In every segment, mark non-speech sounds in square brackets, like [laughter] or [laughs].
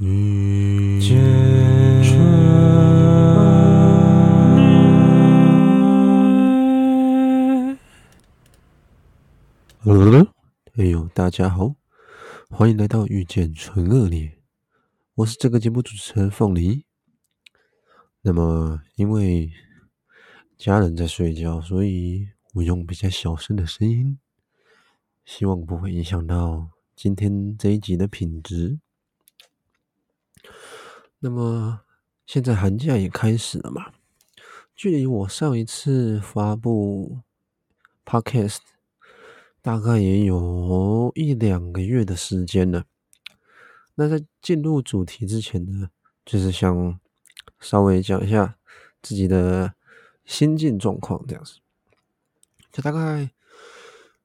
遇見純惡。哎呦，大家好，歡迎來到遇見純惡劣，我是這個節目主持人鳳梨。那麼，因為家人在睡覺，所以我用比較小聲的聲音，希望不會影響到今天這一集的品質。那麼現在寒假也開始了嘛，距離我上一次發佈 podcast 大概也有一兩個月的時間了。那在進入主題之前呢，就是想稍微講一下自己的心境狀況，這樣子。就大概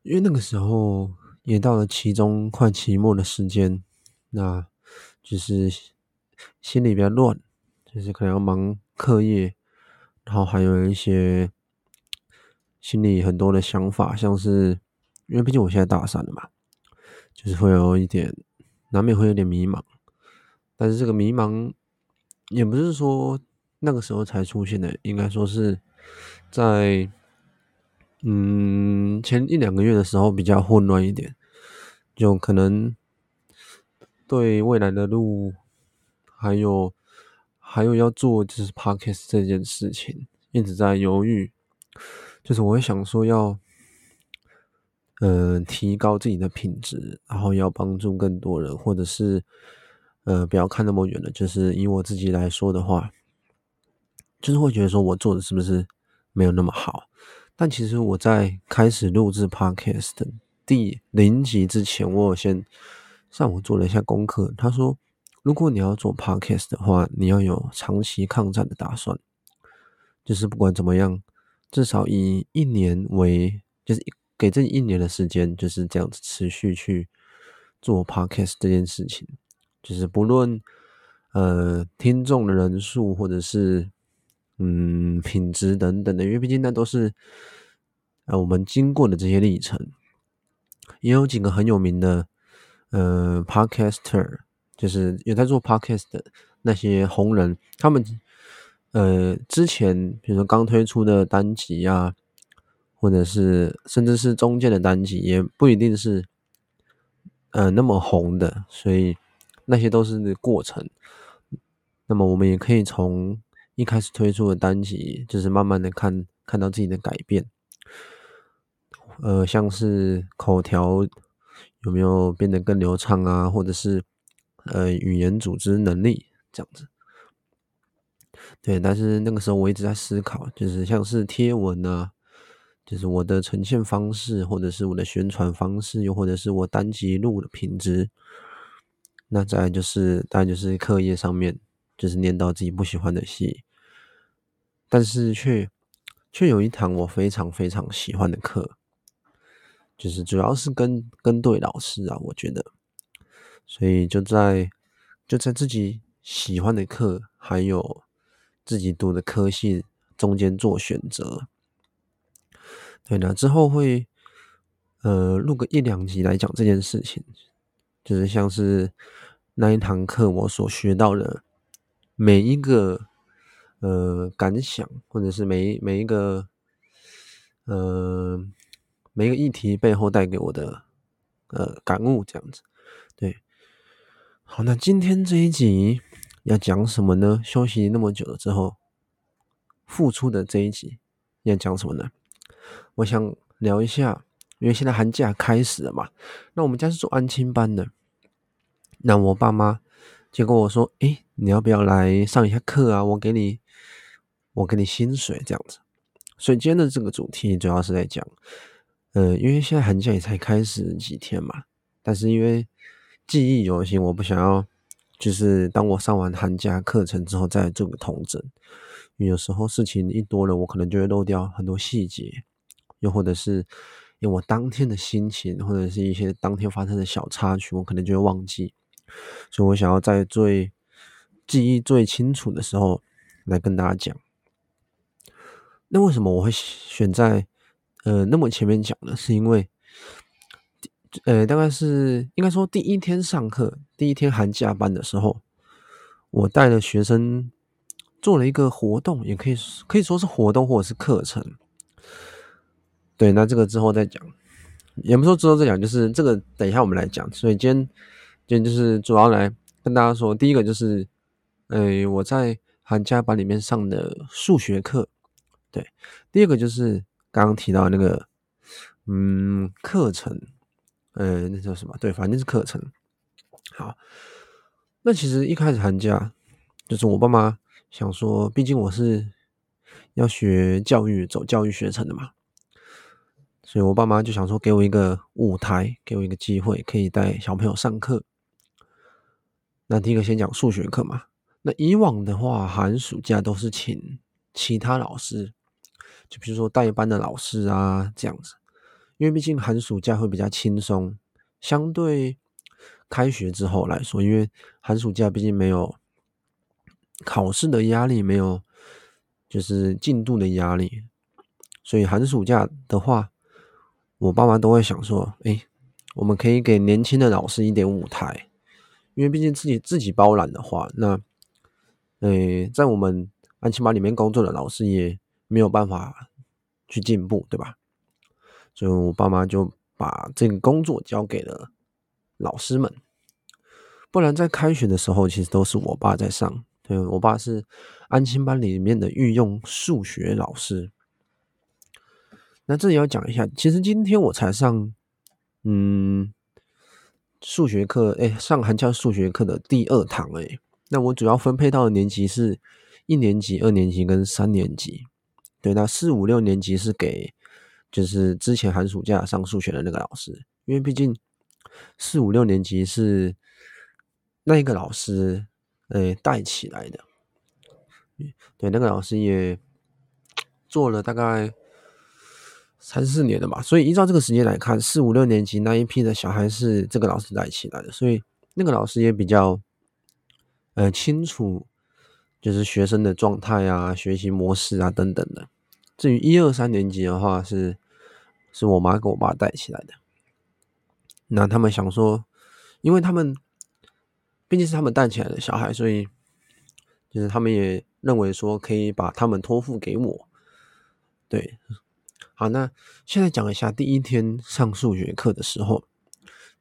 因為那個時候也到了期中快期末的時間，那就是。心裡比較亂，就是可能要忙課業，然後還有一些心裡很多的想法，像是因為畢竟我現在大三了嘛，就是會有一點，難免會有點迷茫。但是這個迷茫也不是說那個時候才出現的，應該說是在嗯，前一兩個月的時候比較混亂一點，就可能對未來的路。還有，還有要做就是 podcast 這件事情，一直在猶豫。就是我會想說要，嗯、呃，提高自己的品質，然後要幫助更多人，或者是，呃，不要看那麼遠的，就是以我自己來說的話，就是會覺得說我做的是不是沒有那麼好？但其實我在開始錄制 podcast 的第零集之前，我有先上午做了一下功課。他說。如果你要做 podcast 的話，你要有長期抗戰的打算，就是不管怎麼樣，至少以一年為，就是給這一年的時間，就是這樣子持續去做 podcast 這件事情。就是不論呃聽眾的人數或者是嗯品質等等的，因為畢竟那都是呃我們經過的這些歷程。也有幾個很有名的呃 podcaster。Pod caster, 就是有在做 podcast 的那些紅人，他們呃之前，比如說剛推出的單集啊，或者是甚至是中間的單集，也不一定是呃那麼紅的，所以那些都是過程。那麼我們也可以從一開始推出的單集，就是慢慢的看，看到自己的改變。呃，像是口條有沒有變得更流暢啊，或者是。呃，語言組織能力這樣子，對。但是那個時候我一直在思考，就是像是貼文啊，就是我的呈現方式，或者是我的宣傳方式，又或者是我單機錄的品質。那再就是，概就是課業上面，就是念到自己不喜歡的戲，但是卻卻有一堂我非常非常喜歡的課，就是主要是跟跟對老師啊，我覺得。所以就在就在自己喜歡的課，還有自己讀的科系中間做選擇。對了，之後會呃錄個一兩集來講這件事情，就是像是那一堂課我所學到的每一個呃感想，或者是每一每一個嗯、呃、每一個議題背後帶給我的呃感悟這樣子，對。好，那今天這一集要講什麼呢？休息那麼久了之後，復出的這一集要講什麼呢？我想聊一下，因為現在寒假開始了嘛。那我們家是做安親班的，那我爸媽結果我說：“哎、欸，你要不要來上一下課啊？我給你，我給你薪水這樣子。”所以今天的這個主題主要是在講，嗯、呃，因為現在寒假也才開始幾天嘛，但是因為。記憶猶新，我不想要，就是當我上完寒假課程之後再做個統整，因為有時候事情一多了，我可能就會漏掉很多細節，又或者是，因為我當天的心情或者是一些當天發生的小插曲，我可能就會忘記，所以我想要在最記憶最清楚的時候來跟大家講。那為什麼我會選在，呃，那麼前面講呢？是因為。呃，大概是應該說第一天上課，第一天寒假班的時候，我帶了學生做了一個活動，也可以可以說是活動或者是課程。對，那這個之後再講，也不說之後再講，就是這個等一下我們來講。所以今天，今天就是主要來跟大家說，第一個就是，呃，我在寒假班裡面上的數學課，對，第二個就是剛剛提到那個，嗯，課程。呃、嗯，那叫什麼？對，反正是課程。好，那其實一開始寒假，就是我爸媽想說，畢竟我是要學教育，走教育學程的嘛，所以我爸媽就想說，給我一個舞台，給我一個機會，可以帶小朋友上課。那第一個先講數學課嘛。那以往的話，寒暑假都是請其他老師，就比如說代班的老師啊，這樣子。因為畢竟寒暑假會比較輕鬆，相對開學之後來說，因為寒暑假畢竟沒有考試的壓力，沒有就是進度的壓力，所以寒暑假的話，我爸媽都會想說：“哎，我們可以給年輕的老師一點舞台，因為畢竟自己自己包攬的話，那……呃，在我們安親班裡面工作的老師也沒有辦法去進步，對吧？”所以，我爸媽就把這個工作交給了老師們。不然，在開學的時候，其實都是我爸在上。對，我爸是安親班裡面的御用數學老師。那這裡要講一下，其實今天我才上，嗯，數學課，哎，上寒假數學課的第二堂，哎，那我主要分配到的年級是一年級、二年級跟三年級。對，那四五六年級是給。就是之前寒暑假上數學的那個老師，因為畢竟四五六年級是那一個老師，呃，帶起來的。對，那個老師也做了大概三四年的吧，所以依照這個時間來看，四五六年級那一批的小孩是這個老師帶起來的，所以那個老師也比較，呃，清楚，就是學生的狀態啊、學習模式啊等等的。至於一二三年級的話，是是我媽跟我爸帶起來的。那他們想說，因為他們畢竟是他們帶起來的小孩，所以就是他們也認為說可以把他們託付給我。對，好，那現在講一下第一天上數學課的時候，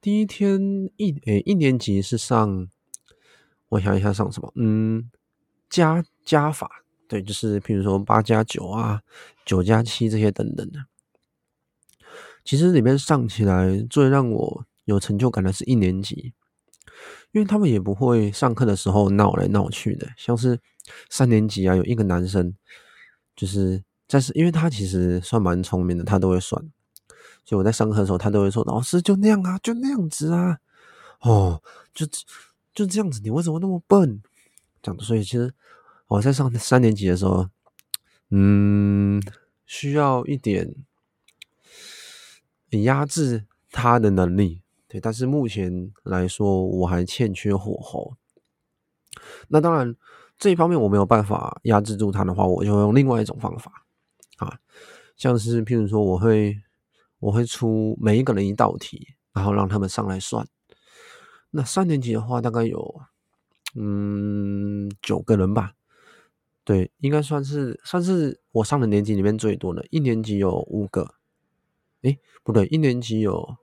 第一天一呃、欸、一年級是上，我想一下上什麼，嗯，加加法。對，就是譬如說八加九啊，九加七這些等等的。其實裡面上起來最讓我有成就感的是一年級，因為他們也不會上課的時候鬧來鬧去的，像是三年級啊，有一個男生，就是在是因為他其實算蠻聰明的，他都會算，所以我在上課的時候他都會說，老師就那樣啊，就那樣子啊，哦，就就這樣子，你為什麼那麼笨？講的，所以其實。我在上三年級的時候，嗯，需要一點壓制他的能力，對。但是目前來說，我還欠缺火候。那當然，這一方面我沒有辦法壓制住他的話，我就用另外一種方法啊，像是譬如說，我會我會出每一個人一道題，然後讓他們上來算。那三年級的話，大概有嗯九個人吧。對，應該算是算是我上的年級裡面最多的，一年級有五個，誒，不對，一年級有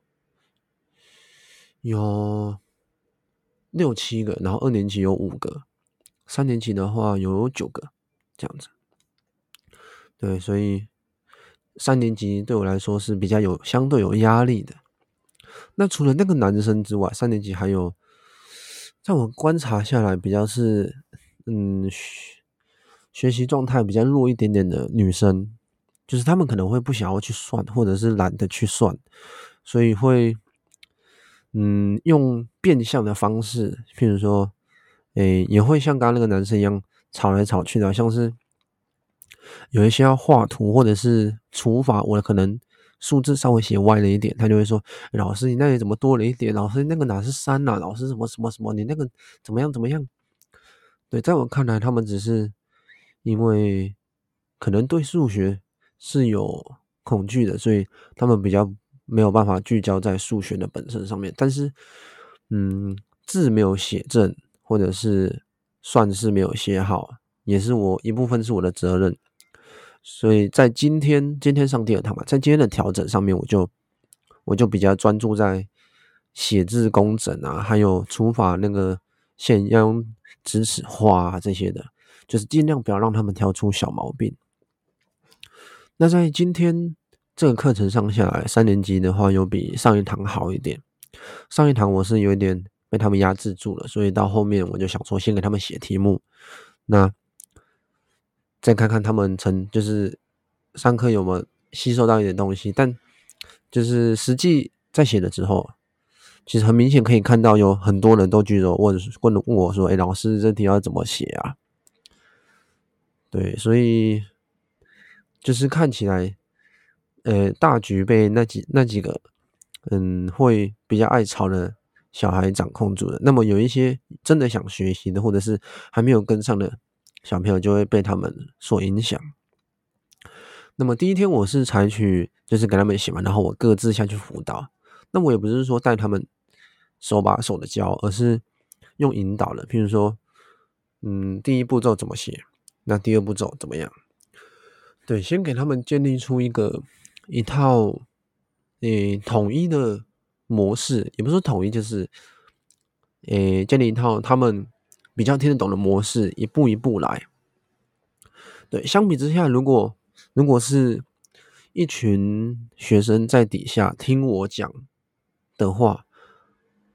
有六七個，然後二年級有五個，三年級的話有九個，這樣子。對，所以三年級對我來說是比較有相對有壓力的。那除了那個男生之外，三年級還有，在我觀察下來比較是，嗯。學習狀態比較弱一點點的女生，就是她們可能會不想要去算，或者是懶得去算，所以會，嗯，用變相的方式，譬如說，誒、欸，也會像剛剛那個男生一樣，吵來吵去的，像是有一些要畫圖或者是除法，我可能數字稍微寫歪了一點，他就會說，欸、老師你那裡怎麼多了一點？老師你那個哪是三吶、啊？老師什麼什麼什麼？你那個怎麼樣怎麼樣？對，在我看來，他們只是。因為可能對數學是有恐懼的，所以他們比較沒有辦法聚焦在數學的本身上面。但是，嗯，字沒有寫正，或者是算式沒有寫好，也是我一部分是我的責任。所以在今天，今天上第二堂吧，在今天的調整上面，我就我就比較專注在寫字工整啊，還有除法那個線要用直尺畫、啊、這些的。就是盡量不要讓他們挑出小毛病。那在今天這個課程上下來，三年級的話有比上一堂好一點。上一堂我是有點被他們壓制住了，所以到後面我就想說，先給他們寫題目，那再看看他們曾，就是上課有沒有吸收到一點東西。但就是實際在寫了之後，其實很明顯可以看到有很多人都舉手問問問我說：“哎、欸，老師，這題要怎麼寫啊？”對，所以就是看起來，呃，大局被那幾那幾個，嗯，會比較愛吵的小孩掌控住了。那麼有一些真的想學習的，或者是還沒有跟上的小朋友，就會被他們所影響。那麼第一天我是採取就是給他們寫完，然後我各自下去輔導。那我也不是說帶他們手把手的教，而是用引導的，譬如說，嗯，第一步驟怎麼寫？那第二步驟怎麼樣？對，先給他們建立出一個一套，呃、欸，統一的模式，也不是統一，就是，呃、欸，建立一套他們比較聽得懂的模式，一步一步來。對，相比之下，如果如果是一群學生在底下聽我講的話，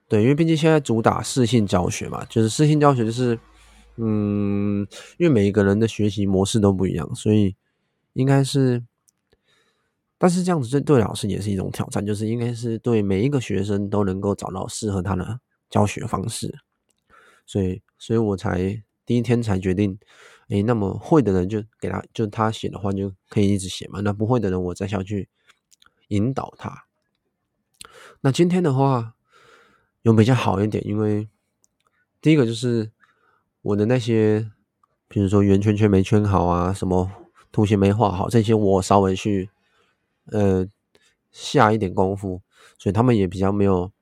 對，因為畢竟現在主打適性教學嘛，就是適性教學就是。嗯，因為每一個人的學習模式都不一樣，所以應該是，但是這樣子這對老師也是一種挑戰，就是應該是對每一個學生都能夠找到適合他的教學方式，所以，所以我才第一天才決定，哎、欸，那麼會的人就給他，就他寫的話就可以一直寫嘛，那不會的人我再下去引導他。那今天的話有比較好一點，因為第一個就是。我的那些，比如說圓圈圈沒圈好啊，什麼圖形沒畫好，這些我稍微去，呃，下一點功夫，所以他們也比較沒有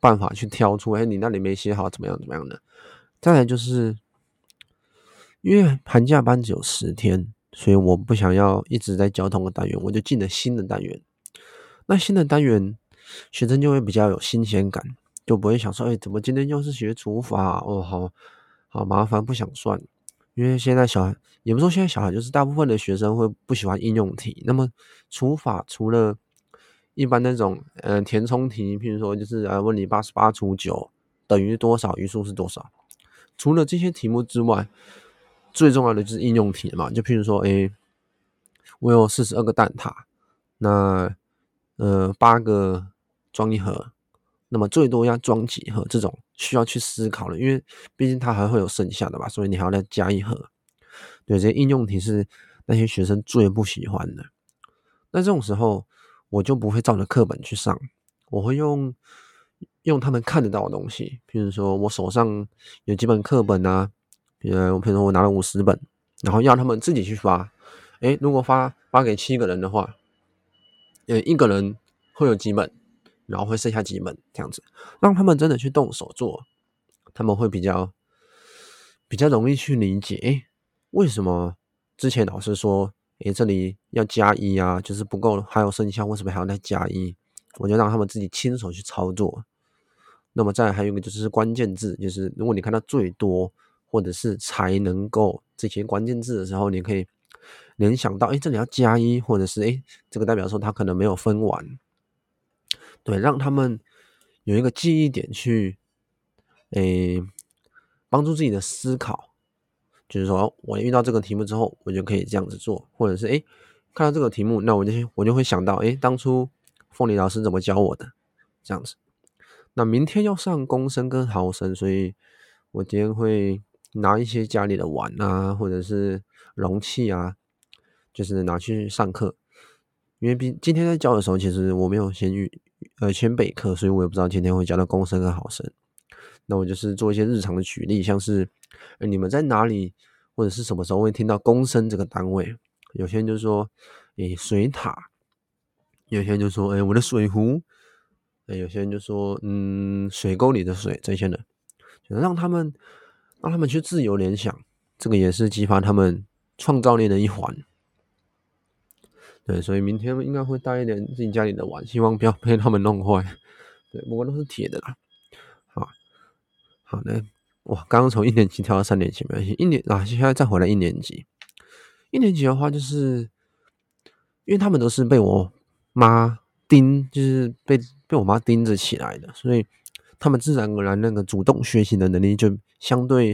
辦法去挑出，哎，你那裡沒寫好，怎麼樣怎麼樣的。再來就是，因為寒假班只有十天，所以我不想要一直在教同一個單元，我就進了新的單元。那新的單元，學生就會比較有新鮮感，就不會想說，哎，怎麼今天又是學除法？哦，好。好麻煩，不想算，因為現在小孩，也不說現在小孩，就是大部分的學生會不喜歡應用題。那麼除法除了一般那種，嗯、呃，填充題，譬如說就是，呃，問你八十八除九等於多少，餘數是多少。除了這些題目之外，最重要的就是應用題嘛，就譬如說，哎、欸，我有四十二個蛋撻，那，呃，八個裝一盒。那麼最多要裝幾盒？這種需要去思考的，因為畢竟它還會有剩下的吧，所以你還要再加一盒。對，這些應用題是那些學生最不喜歡的。那這種時候，我就不會照着課本去上，我會用用他們看得到的東西，比如說我手上有幾本課本啊，呃，我比如說我拿了五十本，然後要他們自己去發。哎，如果發發給七個人的話，呃，一個人會有幾本？然後會剩下幾本這樣子，讓他們真的去動手做，他們會比較比較容易去理解。哎，為什麼之前老師說，哎，這裡要加一啊，就是不夠，還有剩下，為什麼還要再加一？1? 我就讓他們自己親手去操作。那麼再還有一個就是關鍵字，就是如果你看到最多，或者是才能夠這些關鍵字的時候，你可以聯想到，哎，這裡要加一，1, 或者是哎，這個代表說他可能沒有分完。對，讓他們有一個記憶點去，哎、欸，幫助自己的思考。就是說，我遇到這個題目之後，我就可以這樣子做，或者是哎、欸，看到這個題目，那我就我就會想到，哎、欸，當初鳳梨老師怎麼教我的，這樣子。那明天要上公升跟毫升，所以我今天會拿一些家裡的碗啊，或者是容器啊，就是拿去上課。因為今今天在教的時候，其實我沒有先去呃先備課，所以我也不知道今天會教到公升和毫升。那我就是做一些日常的舉例，像是哎你們在哪裡或者是什麼時候會聽到公升這個單位？有些人就說誒，水塔，有些人就說誒，我的水壺，誒有些人就說嗯水溝裡的水這些的，能讓他們讓他們去自由聯想，這個也是激發他們創造力的一環。對，所以明天應該會帶一點自己家裡的碗，希望不要被他們弄壞。對，不過都是鐵的啦。好，好嘞，哇，剛剛從一年級跳到三年級沒關係，一年啊，現在再回來一年級。一年級的話，就是因為他們都是被我媽盯，就是被被我媽盯着起來的，所以他們自然而然那個主動學習的能力就相對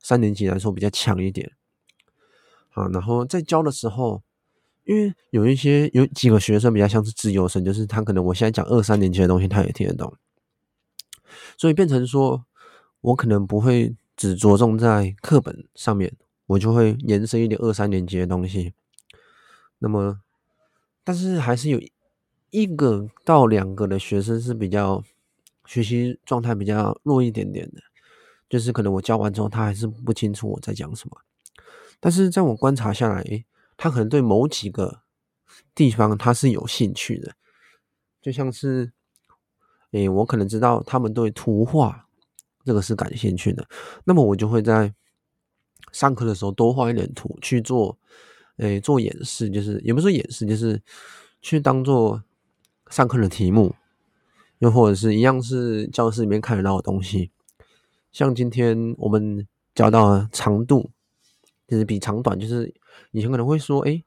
三年級來說比較強一點。啊，然後在教的時候。因為有一些有幾個學生比較像是資優生。就是他可能我現在講二三年級的東西，他也聽得懂，所以變成說我可能不會只着重在課本上面，我就會延伸一點二三年級的東西。那麼，但是還是有一一個到兩個的學生是比較學習狀態比較弱一點點的，就是可能我教完之後，他還是不清楚我在講什麼。但是在我觀察下來，他可能對某幾個地方他是有興趣的，就像是，哎，我可能知道他們對圖畫這個是感興趣的，那麼我就會在上課的時候多畫一點圖去做，哎，做演示，就是也不是說演示，就是去當做上課的題目，又或者是一樣是教室裡面看得到的東西，像今天我們教到長度。其實比長短，就是以前可能會說，哎，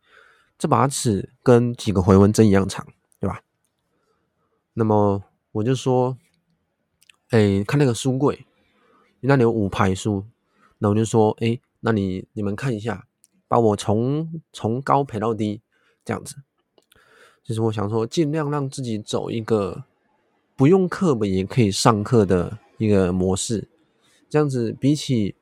這把尺跟幾個回紋針一樣長，對吧？那麼我就說，哎，看那個書櫃，那裡有五排書，那我就說，哎，那你你們看一下，把我從從高排到低，這樣子，就是我想說，盡量讓自己走一個不用課本也可以上課的一個模式，這樣子比起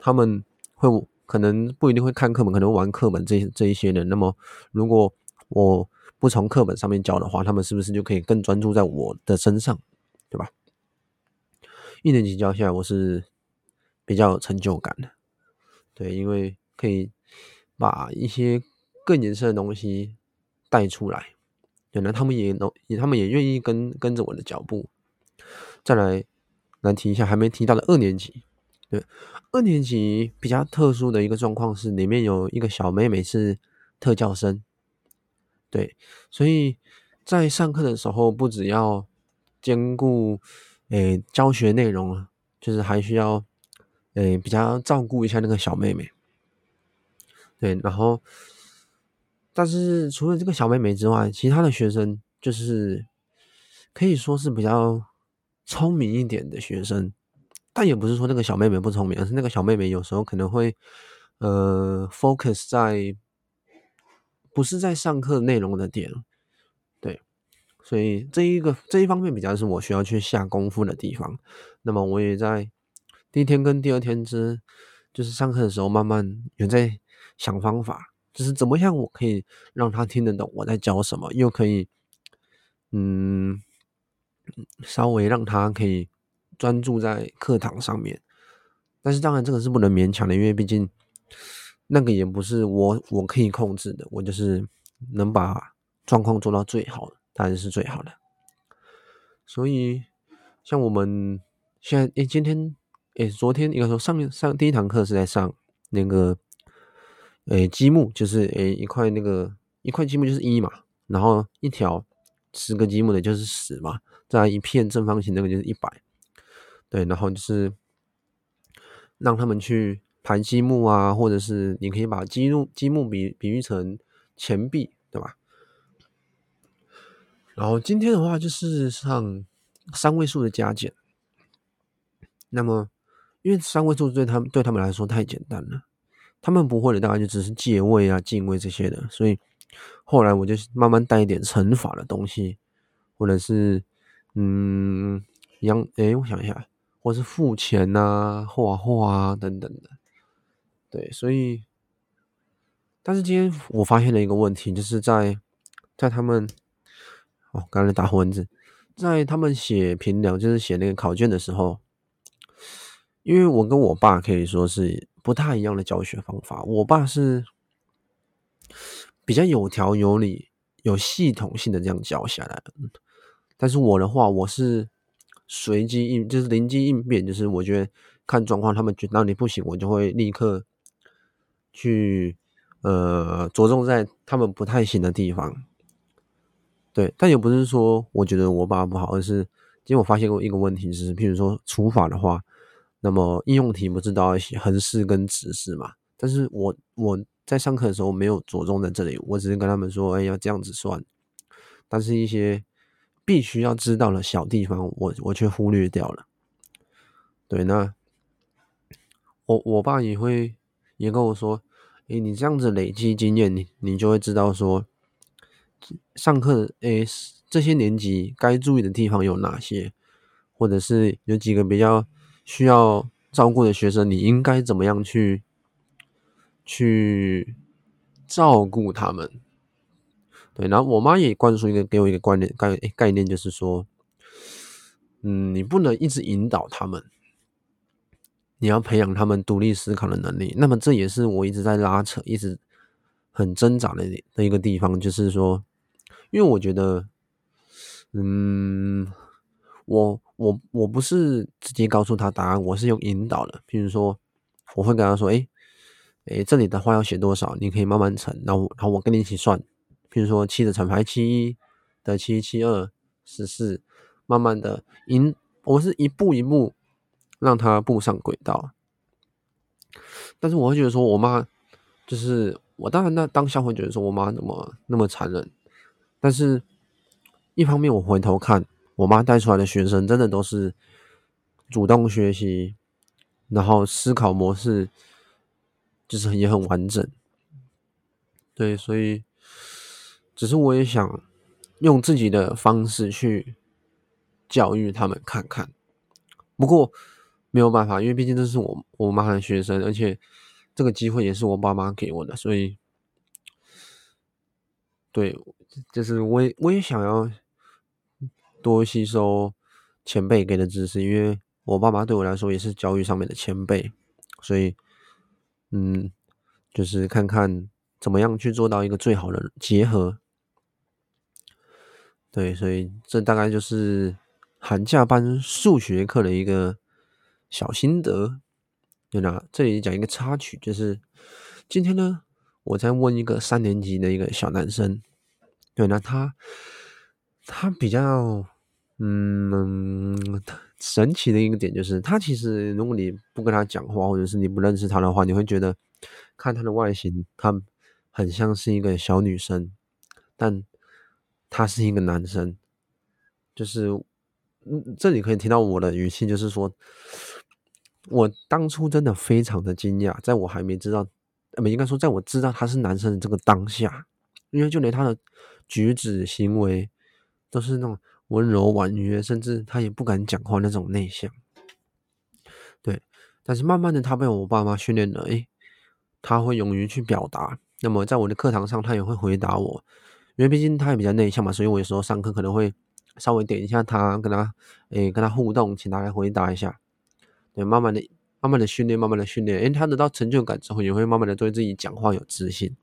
他們會。可能不一定會看課本，可能玩課本這些這一些人。那麼，如果我不從課本上面教的話，他們是不是就可以更專注在我的身上，對吧？一年級教下來，我是比較有成就感的，對，因為可以把一些更顏色的東西帶出來，可能他們也能，他們也願意跟跟着我的腳步。再來，來提一下還沒提到的二年級。對，二年級比較特殊的一個狀況是，裡面有一個小妹妹是特教生，對，所以在上課的時候，不只要兼顧誒、欸、教學內容啊，就是還需要誒、欸、比較照顧一下那個小妹妹，對，然後，但是除了這個小妹妹之外，其他的學生就是可以說是比較聰明一點的學生。但也不是說那個小妹妹不聰明，而是那個小妹妹有時候可能會，呃，focus 在不是在上課內容的點，對，所以這一個這一方面比較是我需要去下功夫的地方。那麼我也在第一天跟第二天之，就是上課的時候慢慢有在想方法，就是怎麼樣我可以讓她聽得懂我在教什麼，又可以，嗯，稍微讓她可以。專注在課堂上面，但是當然這個是不能勉強的，因為畢竟那個也不是我，我可以控制的，我就是能把狀況做到最好，當然是最好的。所以像我們現在誒、欸，今天誒、欸，昨天應該說上面上第一堂課是在上那個誒積、欸、木，就是誒、欸、一塊那個一塊積木就是一嘛，然後一條十個積木的就是十嘛，再來一片正方形那個就是一百。對，然後就是讓他們去排積木啊，或者是你可以把積木積木比比喻成錢幣，對吧？然後今天的話就是上三位數的加減，那麼因為三位數對他們對他們來說太簡單了，他們不會的大概就只是借位啊、進位這些的。所以後來我就慢慢帶一點乘法的東西，或者是嗯，一樣，哎，我想一下。或是付錢吶、啊，或啊或啊等等的，對，所以，但是今天我發現了一個問題，就是在，在他們，哦，剛才打混文字，在他們寫評量，就是寫那個考卷的時候，因為我跟我爸可以說是不太一樣的教學方法，我爸是，比較有條有理、有系統性的這樣教下來的，但是我的話，我是。隨機應就是靈機應變，就是我覺得看狀況，他們覺得你不行，我就會立刻去，呃，着重在他們不太行的地方。對，但也不是說我覺得我把不好，而是因為我發現過一個問題，就是譬如說除法的話，那麼應用題不是都要橫式跟直式嘛？但是我我在上課的時候沒有着重在這裡，我只是跟他們說，哎、欸，要這樣子算，但是一些。必須要知道的小地方，我我卻忽略掉了。對，那我我爸也會也跟我說：“誒、欸，你這樣子累積經驗，你你就會知道說，上課誒、欸，這些年級該注意的地方有哪些，或者是有幾個比較需要照顧的學生，你應該怎麼樣去去照顧他們。”對，然後我媽也灌輸一個給我一個觀念概、哎、概念，就是說，嗯，你不能一直引導他們，你要培養他們獨立思考的能力。那麼這也是我一直在拉扯，一直很掙扎的那一個地方，就是說，因為我覺得，嗯，我我我不是直接告訴他答案，我是用引導的。比如說，我會跟他說，誒哎，哎，這裡的話要寫多少，你可以慢慢乘，然後然後我跟你一起算。聽說七的慘排七一的，七七二十四，慢慢的贏，我是一步一步讓他步上軌道。但是我會覺得說我、就是，我媽就是我，當然那當下會覺得說我媽怎麼那麼殘忍，但是一方面我回頭看，我媽帶出來的學生真的都是主動學習，然後思考模式就是也很完整，對，所以。只是我也想用自己的方式去教育他們看看，不過沒有辦法，因為畢竟這是我我媽的學生，而且這個機會也是我爸媽給我的，所以對，就是我也我也想要多吸收前輩給的知識，因為我爸媽對我來說也是教育上面的前輩，所以嗯，就是看看怎麼樣去做到一個最好的結合。對，所以這大概就是寒假班數學課的一個小心得。對吧，這裡講一個插曲，就是今天呢，我在問一個三年級的一個小男生。對，那他他比較嗯神奇的一個點就是，他其實如果你不跟他講話，或者是你不認識他的話，你會覺得看他的外形，他很像是一個小女生，但。他是一個男生，就是，嗯，這裡可以聽到我的語氣，就是說，我當初真的非常的驚訝，在我還沒知道，呃，不應該說，在我知道他是男生的這個當下，因為就連他的舉止行為都是那種溫柔婉約，甚至他也不敢講話那種內向，對。但是慢慢的，他被我爸媽訓練了，誒，他會勇於去表達。那麼在我的課堂上，他也會回答我。因為畢竟他也比較內向嘛，所以我有時候上課可能會稍微點一下他，跟他誒跟他互動，請他來回答一下，對，慢慢的、慢慢的訓練、慢慢的訓練，因為他得到成就感之後，也會慢慢的對自己講話有自信。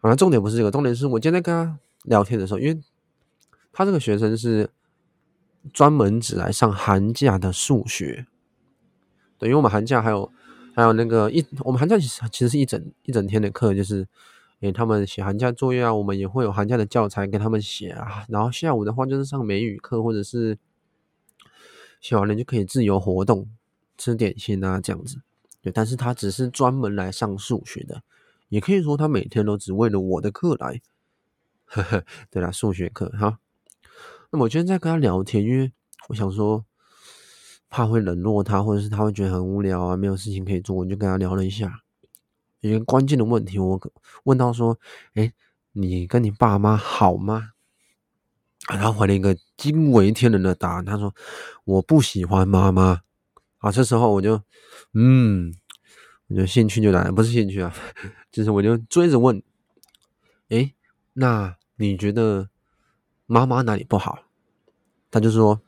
反正重點不是這個，重點是我今天跟他聊天的時候，因為他這個學生是專門只來上寒假的數學，對，因為我們寒假還有還有那個一，我們寒假其實其實是一整一整天的課，就是。給、欸、他們寫寒假作業啊，我們也會有寒假的教材給他們寫啊。然後下午的話就是上美語課，或者是寫完了就可以自由活動，吃點心啊這樣子。對，但是他只是專門來上數學的，也可以說他每天都只為了我的課來。呵呵，對啦，數學課哈。那麼我今天在跟他聊天，因為我想說，怕會冷落他，或者是他會覺得很無聊啊，沒有事情可以做，我就跟他聊了一下。一個關鍵的問題，我問到說：“哎，你跟你爸媽好嗎？”他回了一個驚為天人的答案，他說：“我不喜歡媽媽。”啊，這時候我就，嗯，我就興趣就來了，不是興趣啊，就是我就追着問：“誒，那你覺得媽媽哪裡不好？”他就說：“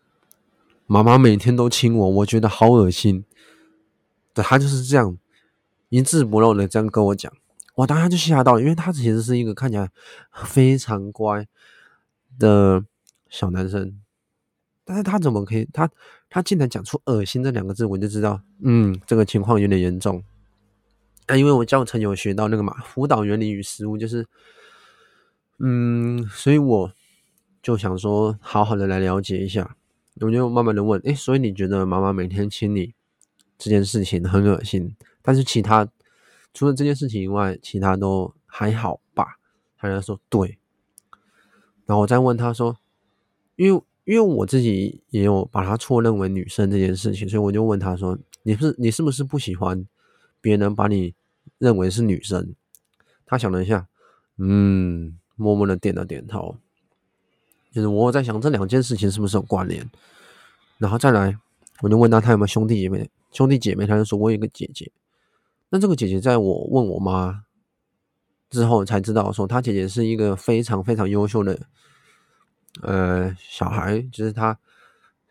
媽媽每天都親我，我覺得好噁心。”對，他就是這樣。一字不漏的這樣跟我講，我當時就嚇到了，因為他其實是一個看起來非常乖的小男生，但是他怎麼可以？他他竟然講出“惡心”這兩個字，我就知道，嗯，這個情況有點嚴重。啊、哎，因為我教程有學到那個嘛，輔導原理與實務，就是，嗯，所以我就想說，好好的來了解一下。我就慢慢的問，誒、欸，所以你覺得媽媽每天親你這件事情很惡心？但是其他除了這件事情以外，其他都還好吧？他就說對，然後我再問他說，因為因為我自己也有把他錯認為女生這件事情，所以我就問他說，你是你是不是不喜歡別人把你認為是女生？他想了一下，嗯，默默的點了點頭。就是我在想這兩件事情是不是有關聯？然後再來我就問他，他有沒有兄弟姐妹？兄弟姐妹？他就說我有一個姐姐。那這個姐姐，在我問我媽之後，才知道說她姐姐是一個非常非常優秀的，呃，小孩，就是她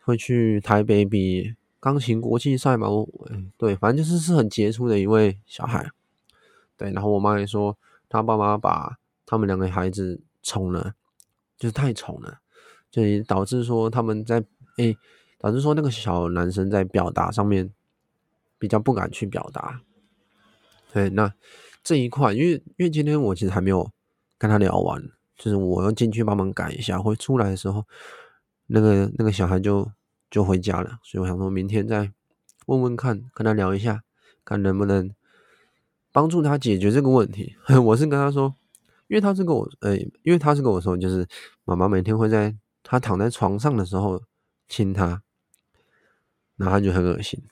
會去台北比鋼琴國際賽嘛。我，對，反正就是是很傑出的一位小孩。對，然後我媽也說，他爸媽把他們兩個孩子寵了，就是太寵了，就導致說他們在誒、欸，導致說那個小男生在表達上面比較不敢去表達。對，那這一塊，因為因為今天我其實還沒有跟他聊完，就是我要進去幫忙改一下，會出來的時候，那個那個小孩就就回家了，所以我想說明天再問問看，跟他聊一下，看能不能幫助他解決這個問題。 [laughs] 我是跟他說，因為他是跟我，哎、欸，因為他是跟我說，就是媽媽每天會在他躺在床上的時候親他，然後他就很惡心，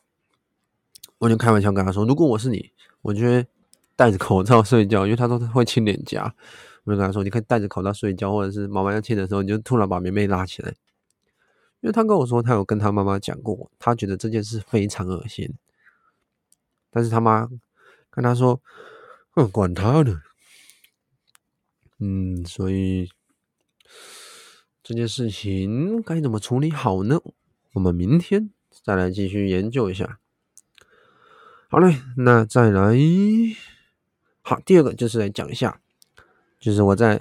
我就開玩笑跟他說，如果我是你。我就會戴着口罩睡覺，因為他說他會親臉頰。我就跟他說：“你可以戴着口罩睡覺，或者是媽媽要親的時候，你就突然把棉被拉起來。”因為，他跟我說，他有跟他媽媽講過，他覺得這件事非常惡心。但是他媽跟他說：“哼，管他呢。”嗯，所以這件事情該怎麼處理好呢？我們明天再來繼續研究一下。好嘞，那再來好，第二個就是來講一下，就是我在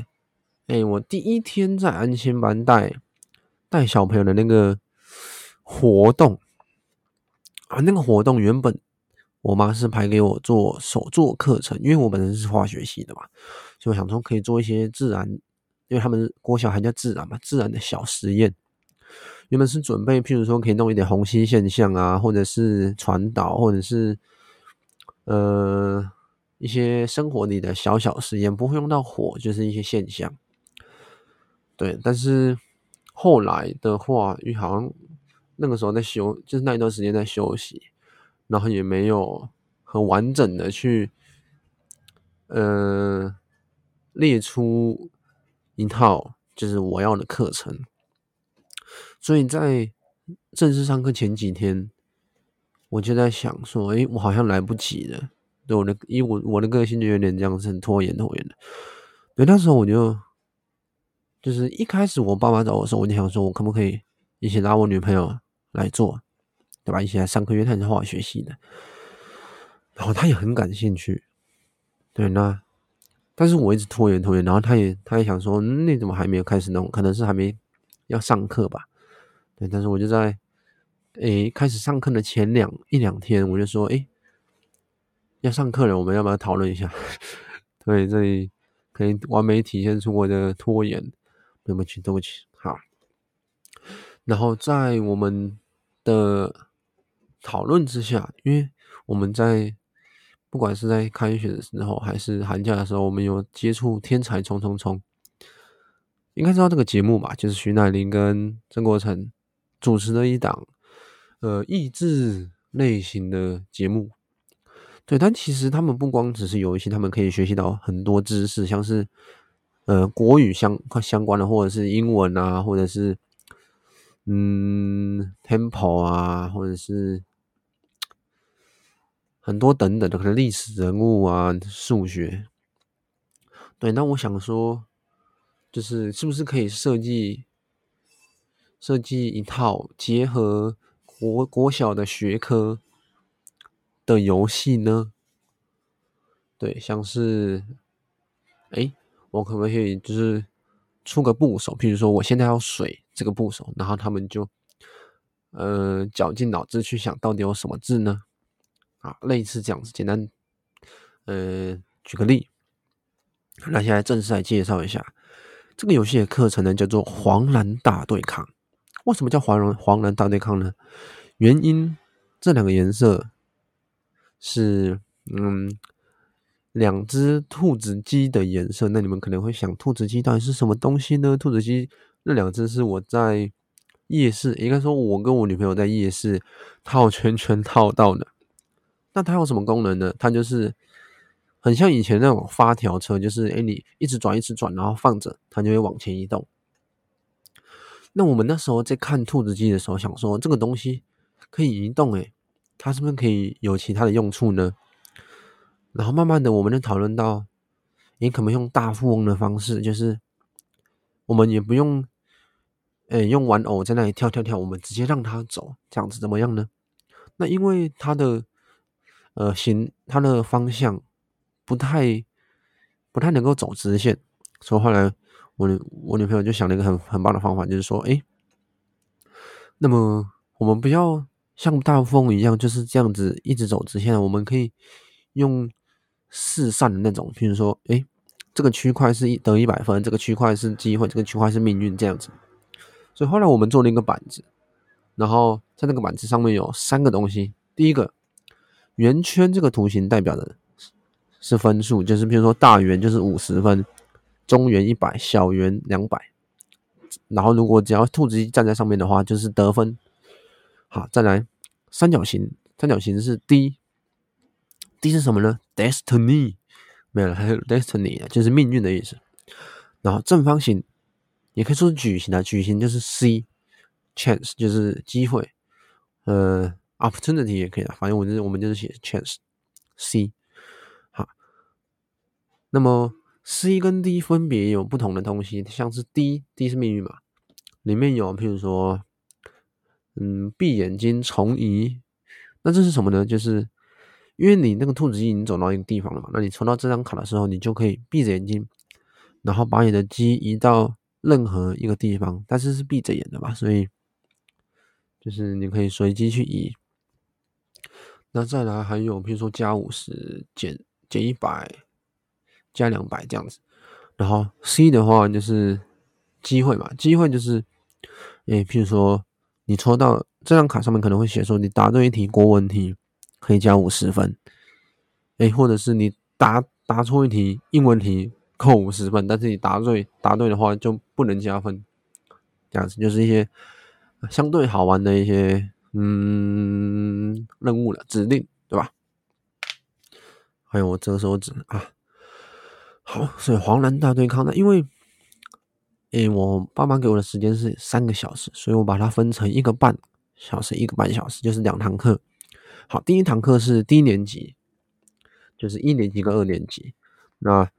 哎、欸，我第一天在安心班帶帶小朋友的那個活動啊，那個活動原本我媽是排給我做手作課程，因為我本來是化學系的嘛，所以我想說可以做一些自然，因為他們國小還叫自然嘛，自然的小實驗，原本是準備譬如說可以弄一點虹吸現象啊，或者是傳導，或者是。呃，一些生活裡的小小實驗不會用到火，就是一些現象。對，但是後來的話，好像那個時候在休，就是那一段時間在休息，然後也沒有很完整的去，嗯、呃、列出一套就是我要的課程，所以在正式上課前幾天。我就在想說，誒、欸，我好像來不及了。對，我的，因為我我的個性就有點這樣，是很拖延拖延的。對，那時候我就，就是一開始我爸媽找我的時候，我就想說，我可不可以一起拉我女朋友來做，對吧？一起來上課，因為她很好學習的。然後她也很感興趣，對，那，但是我一直拖延拖延，然後她也她也想說，那、嗯、怎麼還沒有開始弄？可能是還沒要上課吧？對，但是我就在。誒，開始上課的前兩一兩天，我就說：“誒。要上課了，我們要不要討論一下？” [laughs] 對，這裡可以完美體現出我的拖延。對不起，對不起，好。然後在我們的討論之下，因為我們在不管是在開學的時候，還是寒假的時候，我們有接觸《天才衝衝衝》，應該知道這個節目吧？就是徐乃麟跟曾國城主持的一檔。呃，益智類型的節目，對，但其實他們不光只是遊戲，他們可以學習到很多知識，像是呃國語相相關的，或者是英文啊，或者是嗯 temple 啊，或者是很多等等的，可能歷史人物啊，數學，對。那我想說，就是是不是可以設計設計一套結合？國國小的學科的遊戲呢？對，像是，哎、欸，我可不可以就是出個部首？譬如說，我現在要水這個部首，然後他們就，呃，絞盡腦汁去想到底有什麼字呢？啊，類似這樣子，簡單。呃，舉個例，那現在正式來介紹一下這個遊戲的課程呢，叫做黃藍大對抗。為什麼叫黃龍黃藍大對抗呢？原因，這兩個顏色是嗯，兩只兔子機的顏色。那你們可能會想，兔子機到底是什麼東西呢？兔子機那兩只是我在夜市，應該說我跟我女朋友在夜市套圈圈套到的。那它有什麼功能呢？它就是很像以前那種發條車，就是哎、欸、你一直轉一直轉，然後放着它就會往前移動。那我們那時候在看兔子機的時候，想說這個東西可以移動誒，它是不是可以有其他的用處呢？然後慢慢的，我們就討論到，你可能用大富翁的方式，就是我們也不用，哎、欸，用玩偶在那裡跳跳跳，我們直接讓它走，這樣子怎麼樣呢？那因為它的，呃，行，它的方向不太，不太能夠走直線，所以後來。我女我女朋友就想了一個很很棒的方法，就是說，哎、欸，那麼我們不要像大風一樣就是這樣子一直走直線，我們可以用四扇的那種，就是說，哎、欸，這個區塊是一得一百分，這個區塊是機會，這個區塊是命運這樣子。所以後來我們做了一個板子，然後在那個板子上面有三個東西，第一個圓圈這個圖形代表的是分數，就是比如說大圓就是五十分。中圓一百，小圓兩百，然後如果只要兔子站在上面的話，就是得分。好，再來三角形，三角形是 D，D 是什麼呢？Destiny，沒有了，還有 Destiny 啊，就是命運的意思。然後正方形也可以說是矩形啊，矩形就是 C，Chance 就是機會，呃，Opportunity 也可以啊，反正我們就是我們就是寫 Chance，C。好，那麼。C 跟 D 分別有不同的東西，像是 D，D 是命運嘛，裡面有譬如說，嗯，閉眼睛重移，那這是什麼呢？就是因為你那個兔子已經走到一個地方了嘛，那你抽到這張卡的時候，你就可以閉着眼睛，然後把你的雞移到任何一個地方，但是是閉着眼的嘛，所以就是你可以隨機去移。那再來還有譬如說加五十，減減一百。100加兩百這樣子，然後 C 的話就是機會吧，機會就是，哎，譬如說你抽到這張卡上面可能會寫說，你答對一題國文題可以加五十分，哎，或者是你答答錯一題英文題扣五十分，但是你答對答對的話就不能加分，這樣子就是一些相對好玩的一些嗯任務了，指令，對吧？還有我折手指啊。好，所以黃藍大對抗呢，因為，誒、欸，我爸媽給我的時間是三個小時，所以我把它分成一個半小時，一個半小時就是兩堂課。好，第一堂課是低年級，就是一年級跟二年級，那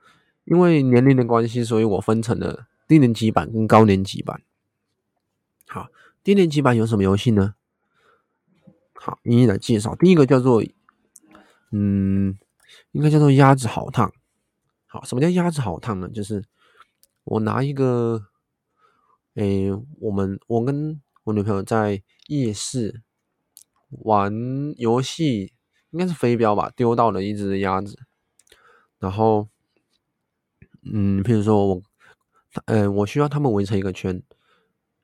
因為年齡的關係，所以我分成了低年級版跟高年級版。好，低年級版有什麼遊戲呢？好，一一來介紹，第一個叫做，嗯，應該叫做鴨子好燙。什麼叫鴨子好燙呢？就是我拿一個，哎、欸，我們我跟我女朋友在夜市玩遊戲，應該是飛鏢吧，丟到了一隻鴨子，然後，嗯，譬如說我，呃、欸，我需要他們圍成一個圈，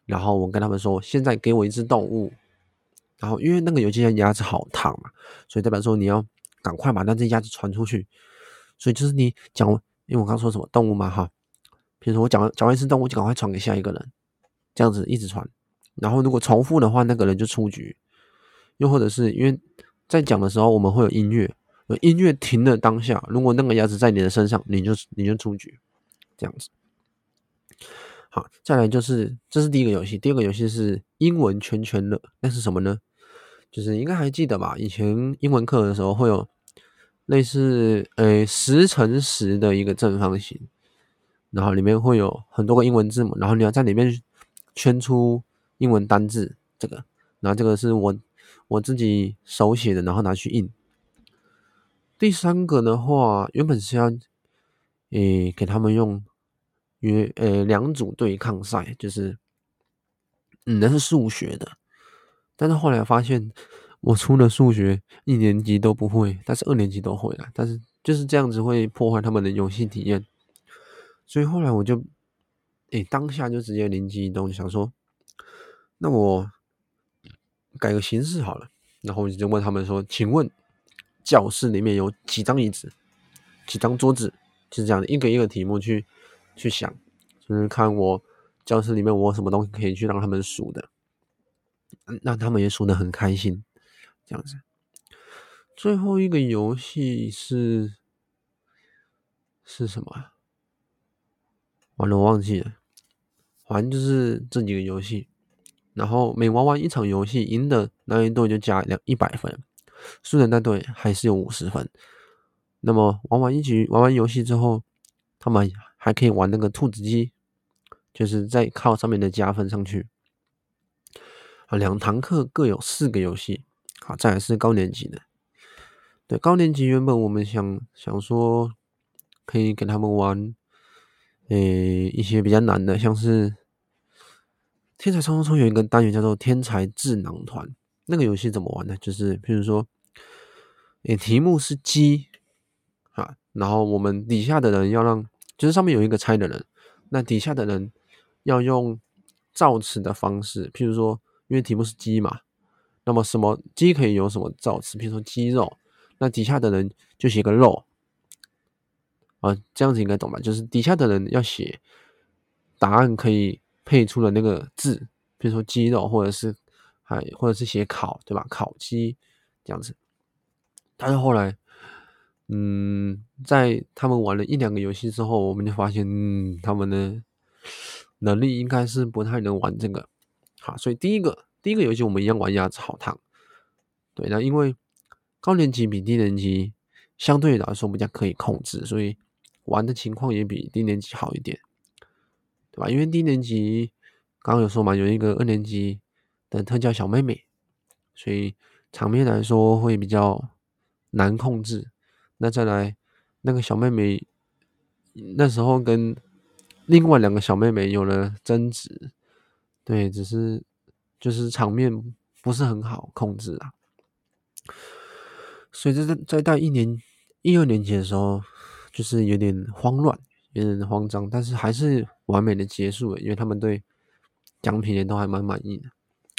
然後我跟他們說，現在給我一隻動物，然後因為那個遊戲叫鴨子好燙嘛，所以代表說你要趕快把那隻鴨子傳出去。所以就是你講，因為我剛剛說什麼動物嘛，哈，比如說我講講完一隻動物，就趕快傳給下一個人，這樣子一直傳。然後如果重複的話，那個人就出局。又或者是因為在講的時候，我們會有音樂，音樂停的當下，如果那個鴨子在你的身上，你就你就出局，這樣子。好，再來就是這是第一個遊戲，第二個遊戲是英文圈圈樂，那是什麼呢？就是應該還記得吧？以前英文課的時候會有。類似呃十乘十的一個正方形，然後裡面會有很多個英文字母，然後你要在裡面圈出英文單字。這個，然後這個是我我自己手寫的，然後拿去印。第三個的話，原本是要呃、欸、給他們用約，約呃兩組對抗賽，就是嗯那是數學的，但是後來發現。我除了數學，一年級都不會，但是二年級都會了。但是就是這樣子會破壞他們的遊戲體驗，所以後來我就，誒、欸，當下就直接靈機一動，想說，那我改個形式好了。然後我就問他們說：“請問教室裡面有幾張椅子？幾張桌子？”就是這樣的一個一個題目去去想，就是看我教室裡面我有什麼東西可以去讓他們數的，嗯、讓他們也數的很開心。這樣子，最後一個遊戲是是什麼？完了，我忘記了。反正就是這幾個遊戲。然後每玩完一場遊戲，贏的那一隊就加兩一百分，輸的那隊還是有五十分。那麼玩完一局，玩完遊戲之後，他們還可以玩那個兔子機，就是在靠上面的加分上去。啊，兩堂課各有四個遊戲。好，再來是高年級的。對高年級，原本我們想想說，可以給他們玩，誒、欸、一些比較難的，像是《天才衝衝衝》有一個單元叫做《天才智囊團》，那個遊戲怎麼玩呢？就是譬如說，誒、欸、題目是雞，啊，然後我們底下的人要讓，就是上面有一個猜的人，那底下的人要用造詞的方式，譬如說，因為題目是雞嘛。那麼什麼雞可以有什麼造詞？比如說雞肉，那底下的人就寫個肉啊，這樣子應該懂吧？就是底下的人要寫答案，可以配出的那個字，比如說雞肉或，或者是還或者是寫烤，對吧？烤雞這樣子。但是後來，嗯，在他們玩了一兩個遊戲之後，我們就發現，嗯，他們的能力應該是不太能玩這個。好，所以第一個。第一個遊戲我們一樣玩鴨子好燙，對，那因為高年級比低年級相對來說比較可以控制，所以玩的情況也比低年級好一點，對吧？因為低年級剛剛有說嘛，有一個二年級的特教小妹妹，所以場面來說會比較難控制。那再來，那個小妹妹那時候跟另外兩個小妹妹有了爭執，對，只是。就是場面不是很好控制啊，所以在在到一年一、二年級的時候，就是有點慌亂，有點慌張，但是還是完美的結束了，因為他們對獎品也都還蠻滿意的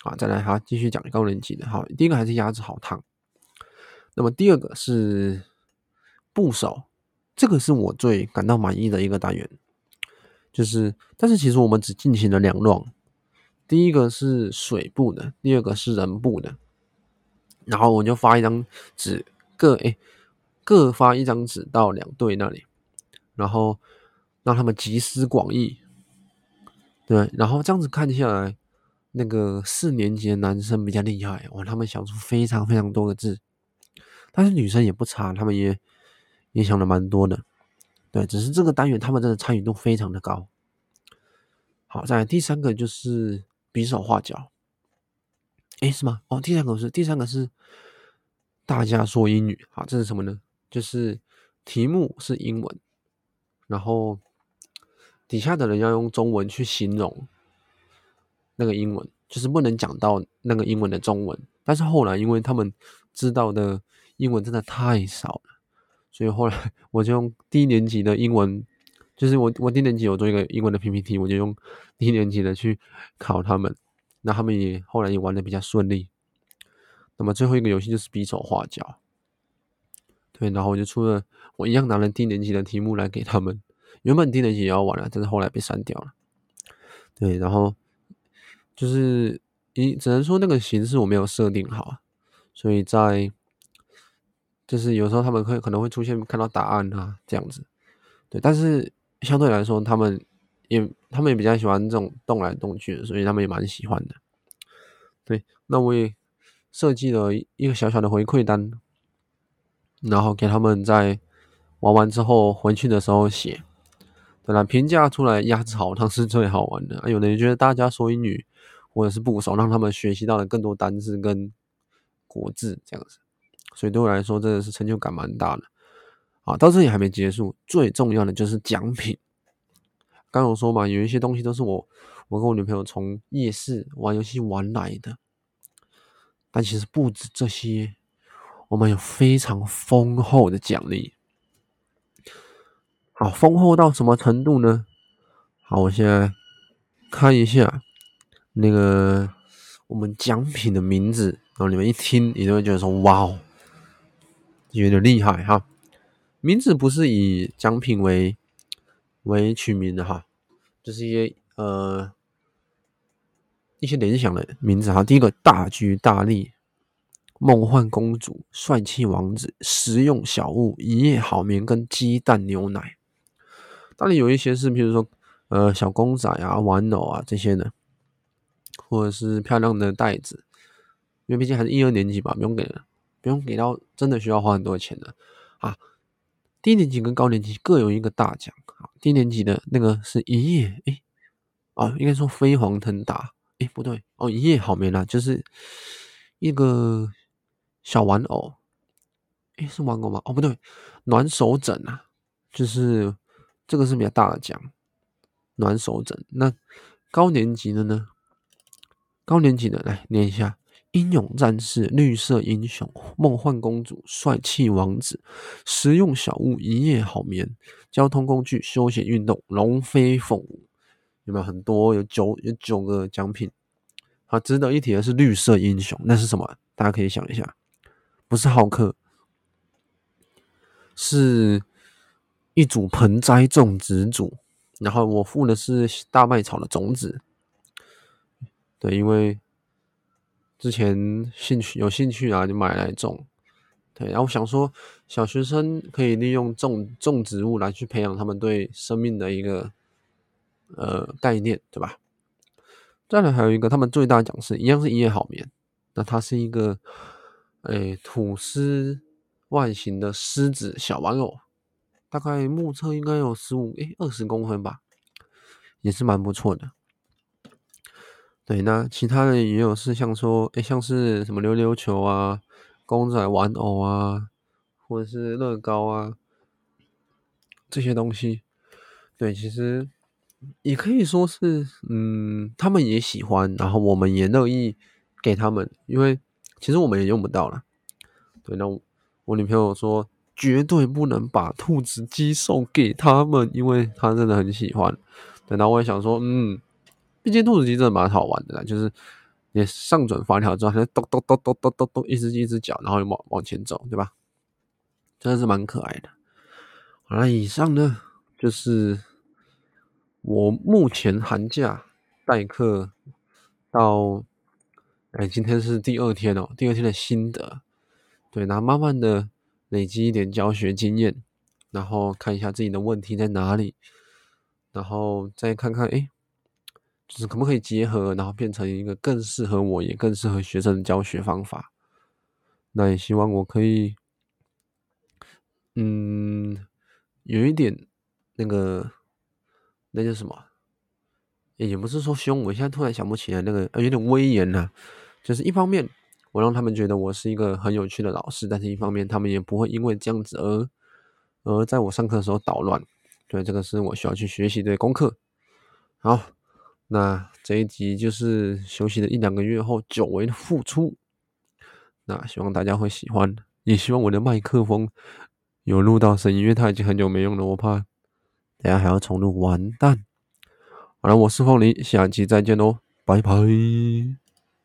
啊。再來哈，繼續講高年級的哈，第一個還是鴨子好燙，那麼第二個是部首，這個是我最感到滿意的一個單元，就是但是其實我們只進行了兩輪。第一個是水部的，第二個是人部的，然後我就發一張紙，各哎、欸、各發一張紙到兩隊那裡，然後讓他們集思廣益，對，然後這樣子看下來，那個四年級的男生比較厲害，哇，他們想出非常非常多個字，但是女生也不差，他們也也想的蠻多的，對，只是這個單元他們真的參與度非常的高。好，再來第三個就是。比手畫腳，誒，是嗎？哦，第三個是第三個是大家說英語啊，這是什麼呢？就是題目是英文，然後底下的人要用中文去形容那個英文，就是不能講到那個英文的中文。但是後來，因為他們知道的英文真的太少了，所以後來我就用低年級的英文。就是我我低年級有做一個英文的 PPT，我就用低年級的去考他們，那他們也後來也玩的比較順利。那麼最後一個遊戲就是比手畫腳，對，然後我就出了我一樣拿了低年級的題目來給他們，原本低年級也要玩了，但是後來被刪掉了。對，然後就是一，只能說那個形式我沒有設定好，所以在就是有時候他們會可能會出現看到答案啊這樣子，對，但是。相對來說，他們也他們也比較喜歡這種動來動去的，所以他們也蠻喜歡的。對，那我也設計了一個小小的回饋單，然後給他們在玩完之後回去的時候寫，對啦，評價出來，鴨子好，它是最好玩的。啊、哎，有的人覺得大家說英語，或者是不熟，讓他們學習到了更多單字跟國字這樣子，所以對我來說真的是成就感蠻大的。啊，到這裡還沒結束。最重要的就是獎品。剛剛我說嘛，有一些東西都是我我跟我女朋友從夜市玩遊戲玩來的，但其實不止這些，我們有非常豐厚的獎勵。好，豐厚到什麼程度呢？好，我現在看一下那個我們獎品的名字，然後你們一聽，你就會覺得說哇哦，有點厲害哈。名字不是以獎品為為取名的哈，就是一些呃一些聯想的名字哈。第一個大吉大利，夢幻公主，帥氣王子，實用小物，一夜好眠，跟雞蛋牛奶。當然有一些是，比如說呃小公仔啊、玩偶啊這些的，或者是漂亮的袋子。因為畢竟還是一二年級吧，不用給了，不用給到真的需要花很多錢的啊。低年級跟高年級各有一個大獎。好，低年級的那個是一夜哎、欸，哦，應該說飛黃騰達哎，不對哦，一夜好沒啦，就是一個小玩偶，哎、欸，是玩偶嗎？哦，不對，暖手枕啊，就是這個是比較大的獎，暖手枕。那高年級的呢？高年級的來念一下。英勇戰士、綠色英雄、夢幻公主、帥氣王子、實用小物、一夜好眠、交通工具、休閒運動、龍飛鳳舞，有沒有很多？有九，有九個獎品。好，啊，值得一提的是綠色英雄，那是什麼？大家可以想一下，不是浩克，是一組盆栽種植組。然後我付的是大麥草的種子，對，因為。之前興趣有興趣啊，就買來種，對。然後我想說，小學生可以利用種種植物來去培養他們對生命的一個呃概念，對吧？再來還有一個，他們最大獎是一樣是一夜好眠，那它是一個誒、欸、吐司外形的獅子小玩偶，大概目測應該有十五誒二十公分吧，也是蠻不錯的。對，那其他的也有是像說，誒像是什麼溜溜球啊、公仔玩偶啊，或者是樂高啊這些東西。對，其實也可以說是，嗯，他們也喜歡，然後我們也樂意給他們，因為其實我們也用不到了。對，那我，我女朋友說絕對不能把兔子雞送給他們，因為他真的很喜歡。對，然後我也想說，嗯。畢竟兔子機真的蠻好玩的啦，就是你上轉發條之後，咚咚咚咚咚咚咚，一只一只腳，然後往往前走，對吧？真的是蠻可愛的。好了，以上呢就是我目前寒假代課到哎、欸，今天是第二天哦、喔，第二天的心得。對，然後慢慢的累積一點教學經驗，然後看一下自己的問題在哪裡，然後再看看哎。欸就是可不可以結合，然後變成一個更適合我，也更適合學生的教學方法？那也希望我可以，嗯，有一點那個，那叫什麼？欸，也不是說兇，我現在突然想不起來。那個，啊，有點威嚴呢，啊，就是一方面我讓他們覺得我是一個很有趣的老師，但是一方面他們也不會因為這樣子而、而在我上課的時候搗亂。對，這個是我需要去學習的功課。好。那這一集就是休息了一兩個月後久違的復出，那希望大家會喜歡，也希望我的麥克風有錄到聲音，因為它已經很久沒用了，我怕等下還要重錄，完蛋！好了，我是鳳梨，下期再見嘍，拜拜。